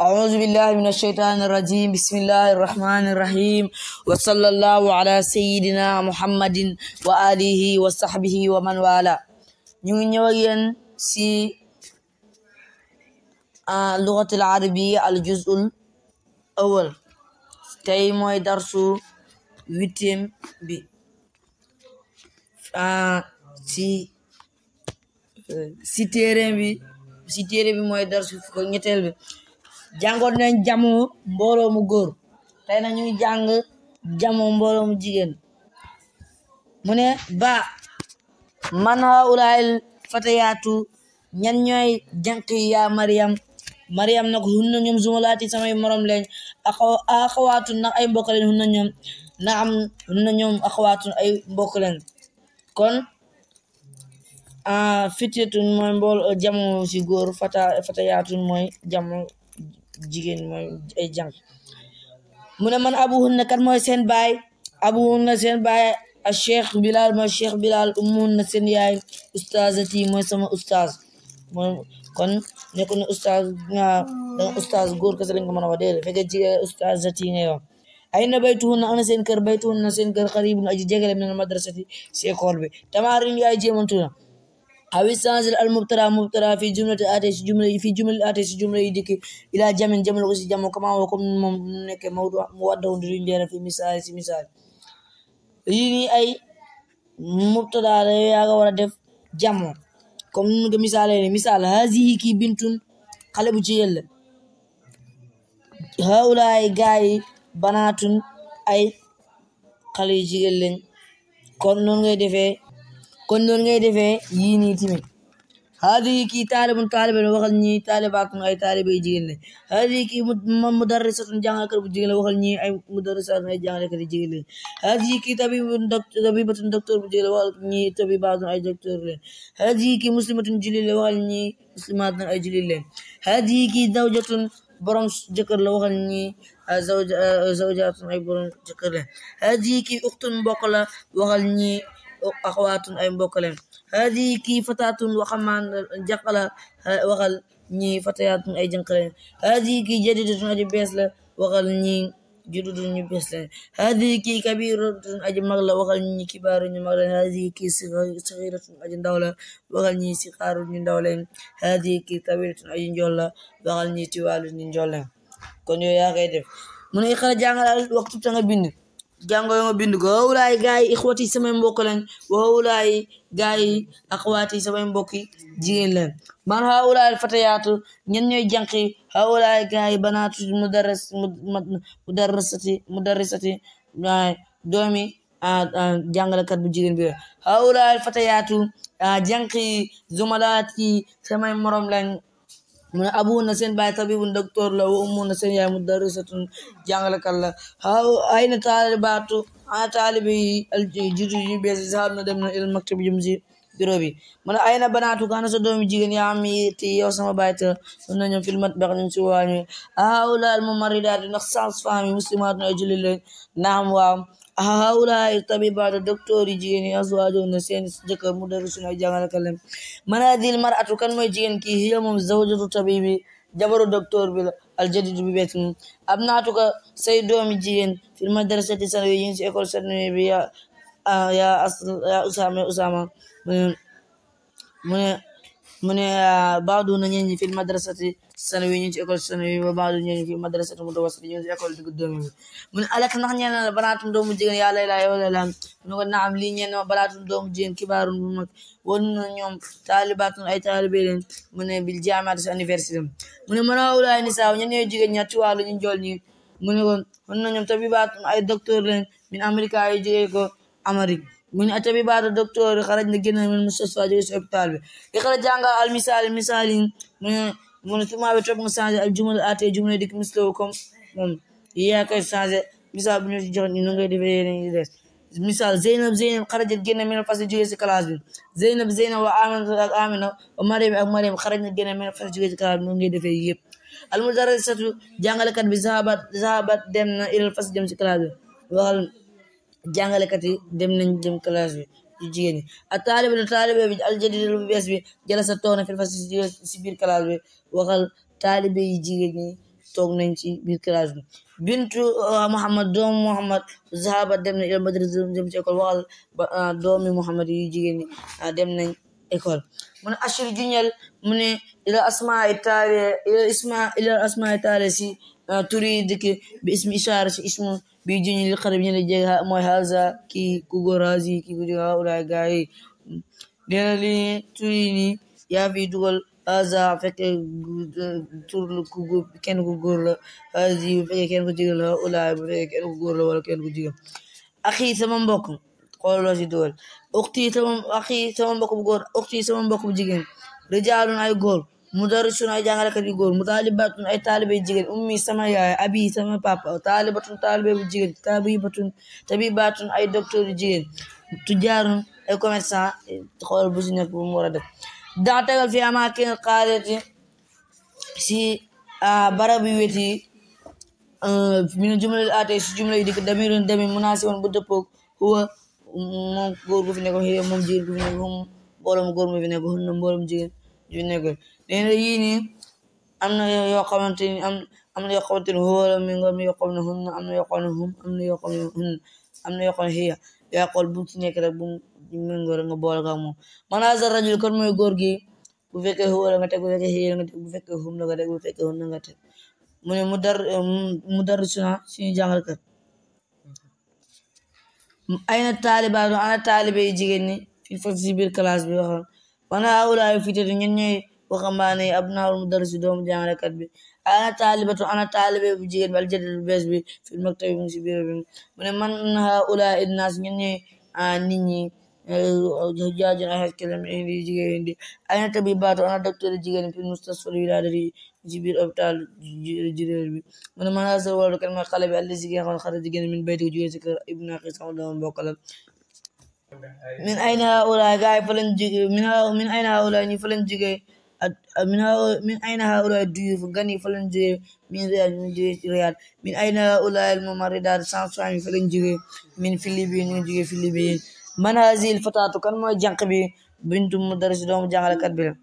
أعوذ بالله من الشيطان الرجيم بسم الله الرحمن الرحيم وصلى الله على سيدنا محمد وآله وصحبه ومن والاه ñu ngi ñëw ak yéen si ah, lugat al arabiya al juzul awal tey mooy darsu huitième bi si si téere bi si téere bi mooy darsu fukk ñetteel bi jàngoon nañ jamu mbooloo mu góor tey na ñu jàng jamu mbooloo mu jigéen mu ne ba man haulail fatayaatu ñan ñooy jànq yi yaa Mariam Mariam nag hunna ñoom zumalaati samay morom lañ axawaatun nag ay mbokk lañ hunna ñoom naam hunna ñoom axawaatun ay mbokk lañ kon ah, fityatun mooy mbool jamu si góor fata fatayaatun mooy jamu jigéen mooy ay jàng mu ne man abu kat mooy seen baay abuhunna seen baay a cheikh bilal mooy cheikh bilal ummuhunna seen yaay ustaazati mooy sama ustaaz mooy kon nekku ne ustaaz nga danga ustaaz góor kese lañ ko mën a wax déedéet fekkee jigéen ustaazati ngay wax ayna baytuhunna ana seen kër baytuhunna seen kër xaribun aji jegele min al madrasati si école bi tamarin yaay jéemantuna aw istansel al mubtada mubtada fi jumlati ate si jumla si jumla yi dikki ila jamin jamin ko si jamo kama wo comme moom nekk mawdu fi misaal si misaal yi ni ay mubtada la yaaga war a def jamo comme nun nga misaale ne misaal hazihi ki bintun xale bu jigéen la haulaay gaay banaatun ay xale yu jigéen lañ kon noonu ngay defee kon noonu ngay defee yii nii tamit haadihi kii taalibun taalibe waxal ñi taalibaatun ay taalibe jigéen la haadihi kii mudarrisatun jàngalekat bu jigéen la waxal ñi ay mudarrisatun ay jàngalekat jigéen la haadihi kii tabibatun docteur bu jigéen la waxal ñi tabibaatun ay docteur la haadihi kii muslimatun jullit la waxal ñi muslimaatun ay jullit la haadihi kii zawjatun borom jëkkër la waxal ni ah, ah, zawjaatun ay borom jëkkër la haadihi kii uxtun waxal ñi axawaatun ay mbokkaleen haadihi kii fataatun waxamaan jaqala waxal ñi fatayaatun ay jànqaleen haadihi kii jadidatun aji bees la waxal ñi jududun ñu bees leen haadihi kabiratun aji mag la waxal ñi kibaaru ñu mag leen haadihi saxiratun aji ndaw la waxal ñi sixaaru ñu ndaw leen haadihi kii ay aji la waxal ñi tiwaalu ñu njool kon yooyu yaa def mu ne xala jàngal waxtu ta jàngoro nga bind ko wawulaay gars yi ixwati samay mbokk lañ wawulaay gars yi axwaati samay mbokki jigéen lañ man hawulaay fatayaatu ñen ñooy jànqi hawulaay gars yi banaatu mudarras mudarrisati mudarrisati doomi jàngalekat bu jigéen bi hawulaay fatayaatu jànqi zumalaati samay morom lañ mu ne abu na seen baay tabibun docteur la wa ummu na seen yaay mudarrisatun jàngalekat la aw ay na taalibaatu ana taalibi yi jiitu yu bees zahab na dem na il maktab jëm si bureau bi mu ne ay na banaatu kana sa doomi jigéen yaa am ti yow sama baay te sun na ñoom fil matbax ñun si waañu aw laal ma maridaat ndax sans femme yi muslimaat na ay julli leen naam waaw haula irtabiba da docteur jigéen yi azwaajo ne seen jëkkër mu daru sunu jàngalekat leen man hadil a kan mooy jigéen ki hiya moom zawjatu tabibi jabaru docteur bi la aljadidu bi beet moom abnaatuka say doomi jigéen fil madrasati sana yi ngi ci école sanne ya ah, ya usama usama mu mu ne ah, baadu na ñeen ñi fi madrasati sanawi ñu ci école sanawi wa baadu ñeen ñi fi madrasati mutawassit ñu ci école diggu doomi mu ne alak ndax ñeen la banaatum doomu jigéen yaa lay laa yow lay mu ne ko naam lii ñeen ma doomu jigéen kibaarun bu mag woon na ay taalibe leen mu ne bil jaamaat si anniversaire mu ne mënoo wulaay ni saaw ñen ñooy jigéen ña ci ñu jool ñi mu ne ko woon na ñoom tabibaatun ay docteur leen min amérique ay jógee ko amérique min atabi bada i xara jànga al misal misali mu ne suma be topp nga changé al jumal ate jumal dik mislo bu ñu jox ñu ngay defee yeneen des misal zeynab zeynab xarajat génn min fas jóge si classe bi zeynab zeynab wa amina ak amina wa mariam ak mariam xaraj na génn min fas jóge si bi ñu ngay defee yëpp zahabat dem na ilal fas jëm si classe bi jàngalekat yi dem nañ dem classe bi yu jigéen ñi ak taalibe na taalibe bi aljadid bu bees bi jëla sa toog na fil fas si biir classe bi waxal taalibe yi jigéen ñi toog nañ ci biir classe bi bintu uh, Muhammad doomu Muhammad zahaba dem na il madrasa dem ci école waxal uh, doomi Muhammad yu jigéen ñi uh, dem nañ école mun ashir juñal mu ne ila asmaa taale ila isma ila asmaa taale si ah, tur yi bi ismi ishaara si ismu bi juñ li xarab ñu mooy haza kii ku góor hazi kii ku jóg hawlaay li tur ni yaa fi dugal haza kenn ku góor la hazi bu fekkee kenn ku la hawlaay bu fekkee kenn ku góor la wala kenn ku jigéen axi sama mbokk xool mbokk bu sama mbokk jigéen rijaalun ay góor mudarrisun ay jàngalekat yu góor mutaalibatun ay taalibe jigéen ummi sama yaay abi sama papa taalibatun taalibe bu jigéen tabibatun tabibatun ay docteur yu jigéen tujaarun ay commerçant xool bu si nekk bu mu war a def daa tegal fi amaakin xaalati si barab yu weti min jumla aate si jumla yu dikk damirun dami munaasiban bu dëppoog huwa moom góor gu fi nekk moom jigéen gu fi nekk moom mboolom góor mu fi nekk hun mboolom jigéen junne gën nee na yii nii am na yoo xamante ni am am na yoo xamante ni huwa la mi nga mi yoo xam ne hunna am na yoo xam ne hum am na yoo xam ne hunna am na yoo xam ne hiya yaa xool bu ci nekk rek bu méngóor nga boole ak moom man haza rajul kon mooy góor gi bu fekkee huwa la nga teg bu fekkee hiya la nga teg bu fekkee hum la nga teg bu fekkee hunna nga teg mu ne mudar mudarrisuna suñu jàngalkat ayna taalibaatu ana taalibe yi jigéen ñi fil fas si biir classe bi waxoon wana haulaay fitatu ñen ñooy waxambaane yi abnaawul mudarrisi doomu jàngalekat bi ana taalibatu ana taalibe jigéen bi aljadal bu bees bi fi maktabi mu si biir bi mu ne man haulaay naas ñen ñooy nit ñi eh, jaajën ay xeskelam indi jigéen indi ana tabibaatu ana docteur jigéen fi mustasfal wilaadati ci biir hôpital jiréer bi mu ne man haasal wala kan mooy xale bi àll jigéen xon xara jigéen jigéen si kër ibnu aqi sama doomam bokkalal min ayna haula gaay fa lañ jóge min min ayna haula ñi fa lañ jóge min min ayna haula duyuf gani fa lañ min riyad ñu jóge ci riyad min ayna haula sans soin fa lañ min philippine ñu man hazil fatatu kan mooy jànq bi bintu mudarris doomu jàngalekat bi la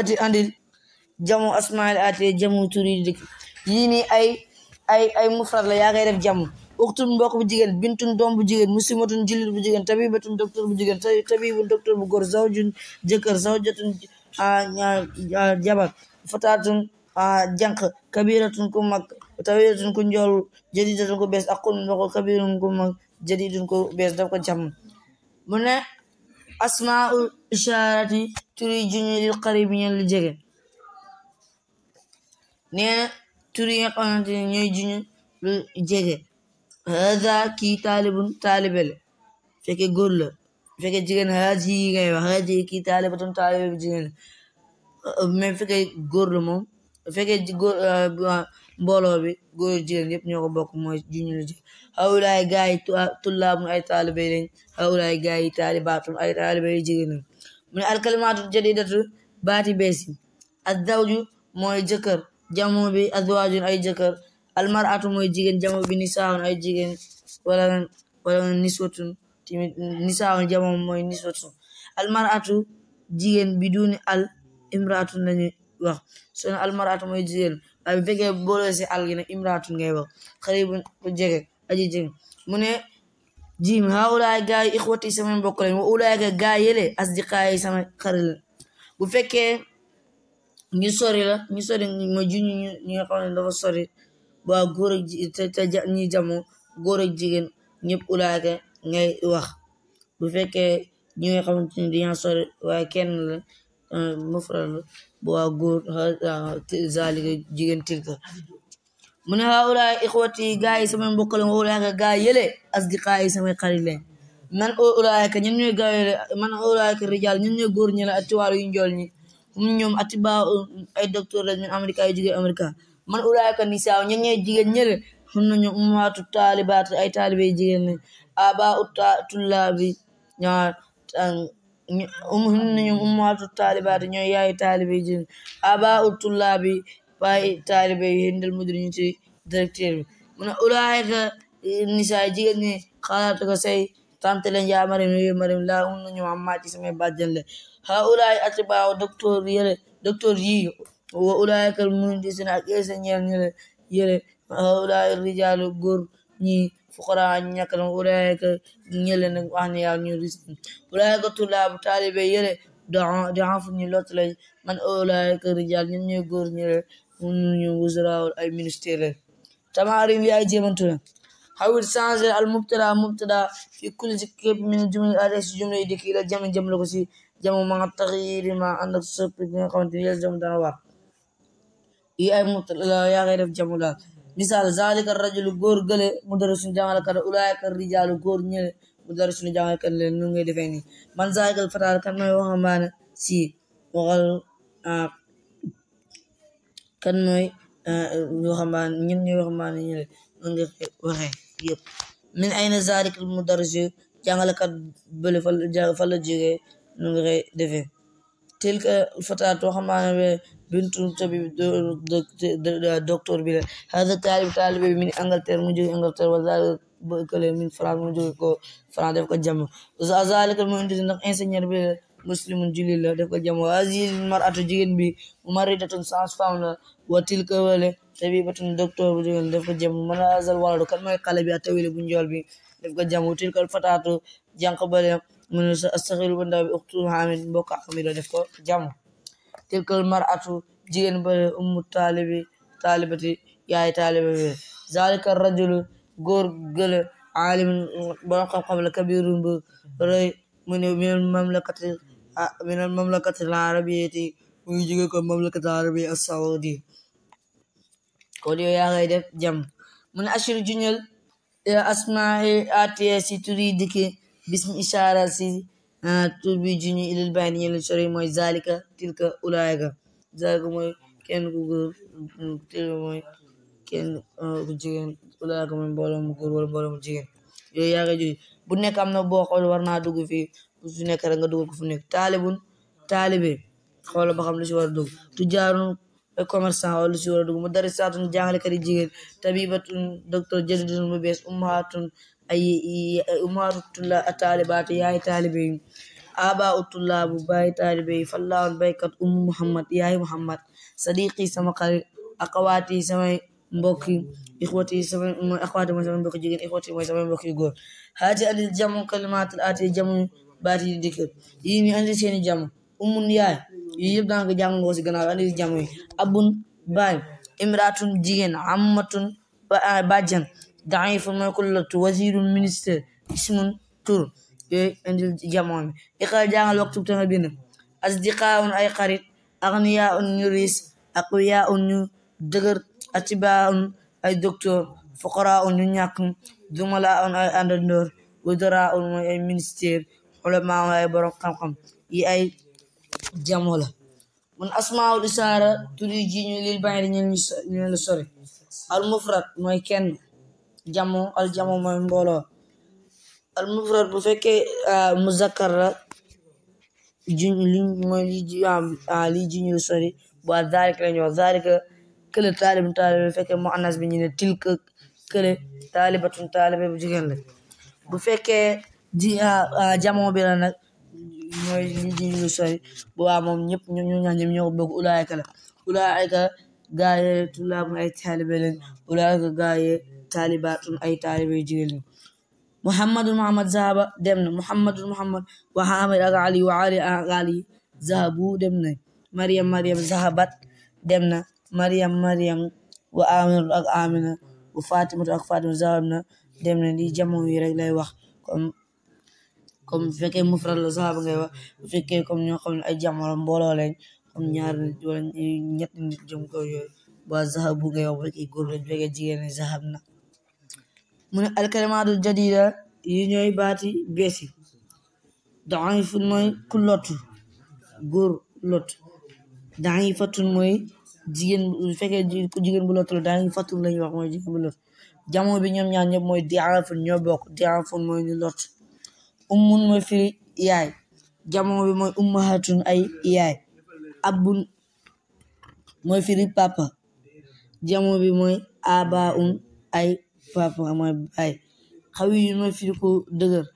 ati andil jamu asmail ati jamu turi yi ni ay ay ay yaa ngay def jamu uxtun mbokk bu jigéen bintun doom bu jigéen muslimatun jullit bu jigéen tabibatun docteur bu jigéen tabibun docteur bu góor zawjun jëkkër zawjatun jabar fataatun jànq kabiratun ku mag tawiratun ku njool jadidatun ku bees aqul mbokk kabirun ku mag jadidun ku bees daf ko jàmm mu ne asmaa'u turi juñu lil qaribi ñeen lu jege nee turi nga xamante ne ñooy juñu hada kii taalibun taalibe la fekke góor fekke jigéen haaji yi ngay wax haaji yi kii taalibatun bu jigéen la mais fekke góor la fekke góor mbooloo bi góor jigéen yëpp ñoo ko bokk mooy juñu la ji hawlaay gaa yi tullaabun ay taalibe lañ hawlaay gaa yi taalibaatun ay taalibe yu jigéen mu ne alkalimaatu jadidatu baati beesi azdawju mooy jëkkër jamu bi ay jëkkër almaratu mooy jigéen jamo bi nisaawoon ay jigéen wala wala niswatun timit nisaawoon jamo mooy niswatun almaratu jigéen bi al imraatun lañu wax soo almaratu mooy jigéen waaye bu fekkee boole si al gi ne imraatun ngay wax ku jege aji jege mu ne jim haulaay gaay ixwati sama mbokk lañ wa ulaayka gaay yële asdiqaay sama xarit la bu fekkee ñu sori la ñu sori mooy juñu ñu nga xam ne dafa sori waa góor ak jigéen te ñi jamu góor jigéen ñëpp ulaaka ngay wax bu fekkee ñi nga xamante ni dañoo sori waaye kenn la euh, mufrad la bu waa góor ah, zaalika jigéen tilka mu ne haulaay ixwati gaa yi samay mbokk lañ ulaaka gaa yële asdiqaa yi samay xarit lañ man ulaayka ñun ñooy gaa yële man ulaayka rijaal ñun ñooy góor ñi la atiwaalu yu njool ñi ñoom ati baa ay docteur lañ min Amérique ay jóge Amérique man ulaayka nisaaw ñen ñooy jigéen ñële hun nañu ummaatu taalibaat ay taalibe jigéen lañ aba u tullaabi hun um, nañu ummaatu taalibaat ñooy yaayu taalibe jigéen aba u tullaabi baay taalibe hindal mudir ñu ci directeur bi mu ne ulaayka nisaa jigéen ñi ko say tante leen yaa marim laa hun samay bàjjen le ha ulaay atibaaw docteur yële wa ulaa'ika al-muhdisun góor ñi fuqaraa ñàkk na ulaa'ika ñele nag ñu risq ulaa'ika tulaabu taalibe yele da'afu ñu lot lañ man ulaa'ika rijaal ñoom ñooy góor ñele ñu wuzraa ay ministère tamarin yaay jéemantu hawil changer al mubtada mubtada fi kulli si képp min jumla ade si jumla yi dikk jam ma taxyir ma ànd soppi jam dana yi ay mutla yaa ngay def jamu la misaal zalika rajulu góor gële mudarrisun jàngalekat ulaayka rijaalu góor ñële mudarrisun jàngalekat leen nu ngay defee nii man zalikal fataal kan mooy waxambaane si waxal ah, kan mooy ah, waxambaane ñen ñooy waxambaane ñële nu nga waxee yëpp min ayna zalikal mudarrisu bële fa la jógee nu nga defee tilka fataat waxambaane bintu tabiib docteur bi la hada taalib taalibe bi min Angleterre mu jóge Angleterre wala min France mu jóge ko France def ko jam zalika muhandis ndax ingénieur bi la muslimun jullit la def ko jam hazihi mar'atu jigéen bi mumarridatun sans femme la wa tilka wale tabibatun docteur bu jóge def ko jam man hazal waladu kan mooy xale bi atawile bu njool bi def ko jam tilka fataatu jànq bale mun astaxiru ba ndaw bi uxtu hamid mbokk hamid la def ko jam tilkal mar'atu jigéen ba ummu taalibi taalibati yaay taaliba bi zalika rajulu góor gële aalimin borom xam la kabirun bu rëy mu ne minal mamlakati ah, minal mamlakati larabiyati muy jóge ko mamlakati arabi asaudi kon yow yaa ngay def jam mu ne ashir juñal asmai ats si bismi ishaara tulbi juñu ilil bayn ñeen lu sori mooy zalika tilka ulaayka zalika mooy kenn ku tilka mooy kenn jigéen ulaayka mooy mbooloo mu wala mbooloo jigéen yooyu yaa ngi bu nekk am na boo xool war naa dugg fii su nekk rek nga dugg ko fu nekk taalibun taalibe xool ba xam lu si war a dugg tujaarun commerçant wala si war a dugg mudarrisatun jàngalekat yi jigéen tabibatun docteur jëdidun mu bees ummahatun ay umaru talibaatu yaay taalibe yi aba utullaabu baay taalibe yi fallaawal baykat ummu muhammad yaay muhammad sadiqi sama xarit axawaati samay mbokki ixwati samay axawaati mooy samay mbokki jigéen ixwati mooy samay mbokki góor haati andil jamu kalimaatul aati jamu baati di dikk yi ñu andi seeni jamu ummun yaay yi yëpp daan ko jàng ngoo si abun baay imraatun jigéen ammatun bàjjan daif mooy ko lottu wazirun ministre ismun tur yooyu indil jamono bi iqra jàngal waktub tanga bind asdiqaun ay xarit agniyaun ñu riis aqwiyaun ñu dëgër atibaun ay docteur fuqaraun ñu ñàkk dumalaun ay àndandoor wudaraun mooy ay ministère xulamaa ay borom ay jamo mun asmaul isaara tur yi ji ñu lil bàyyi ñu sore al mufrad mooy kenn jamu al jamu mooy mbooloo al mufrad bu fekkee ah, muzakkar la juñ li mooy li juñu ah, ah, sori bu zaalika la ñoo zaalika kële taalib bu fekkee muannas bi ñu ne tilka kële bu jigéen la bu fekkee ji jamoo bi la nag mooy li juñu sori bu waa moom ñëpp ñu ñu ñaan ñëpp ñoo ko taalibaatun ay taalibe jigéen lañ muhammadun muhammad zahaba dem na muhammadun muhammad wa hamid ak ali wa ali ak ali zahabu dem na mariam zahabat dem na mariam wa amina wa fatimatu ak fatima zahab wax comme bu fekkee mufrad la ngay wax bu fekkee comme ñoo xam ne ay jamono mbooloo lañ comme wala ñett nit jëm ko zahabu ngay wax bu fekkee góor lañ bu fekkee na mu ne alkalimaatul jadida yi ñooy baati bees yi daifun mooy ku lottu góor lottu daifatun mooy jigéen bu fekkee ku jigéen bu lottu la daifatun lañuy wax mooy jigéen bu lottu jamoo bi ñoom ñaar ñëpp mooy diafun ñoo bokk diafun mooy ñu lottu ummun mooy firi yaay jamoo bi mooy ummahatun ay yaay abun mooy firi papa jamoo bi mooy abaun ay papa nga mooy baay xawiyun mooy firi ku dëgër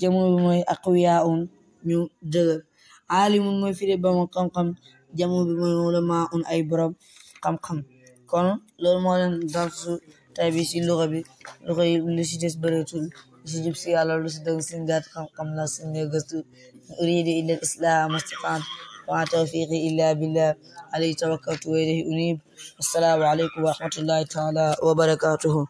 jamono bi mooy aqwiyaun ñu dëgër alimun mooy firi ba mu xam-xam jamono bi mooy ay borom xam-xam kon loolu moo leen darsu tay bi si luxa lu si des bëreetul lu si jub si yàlla lu si dëgg sin gaat xam-xam la sin illa al islam mastataan tawfiqi illa billah alayhi tawakkaltu wa ilayhi unib assalaamu aleykum wa rahmatullahi taala wa barakatuhu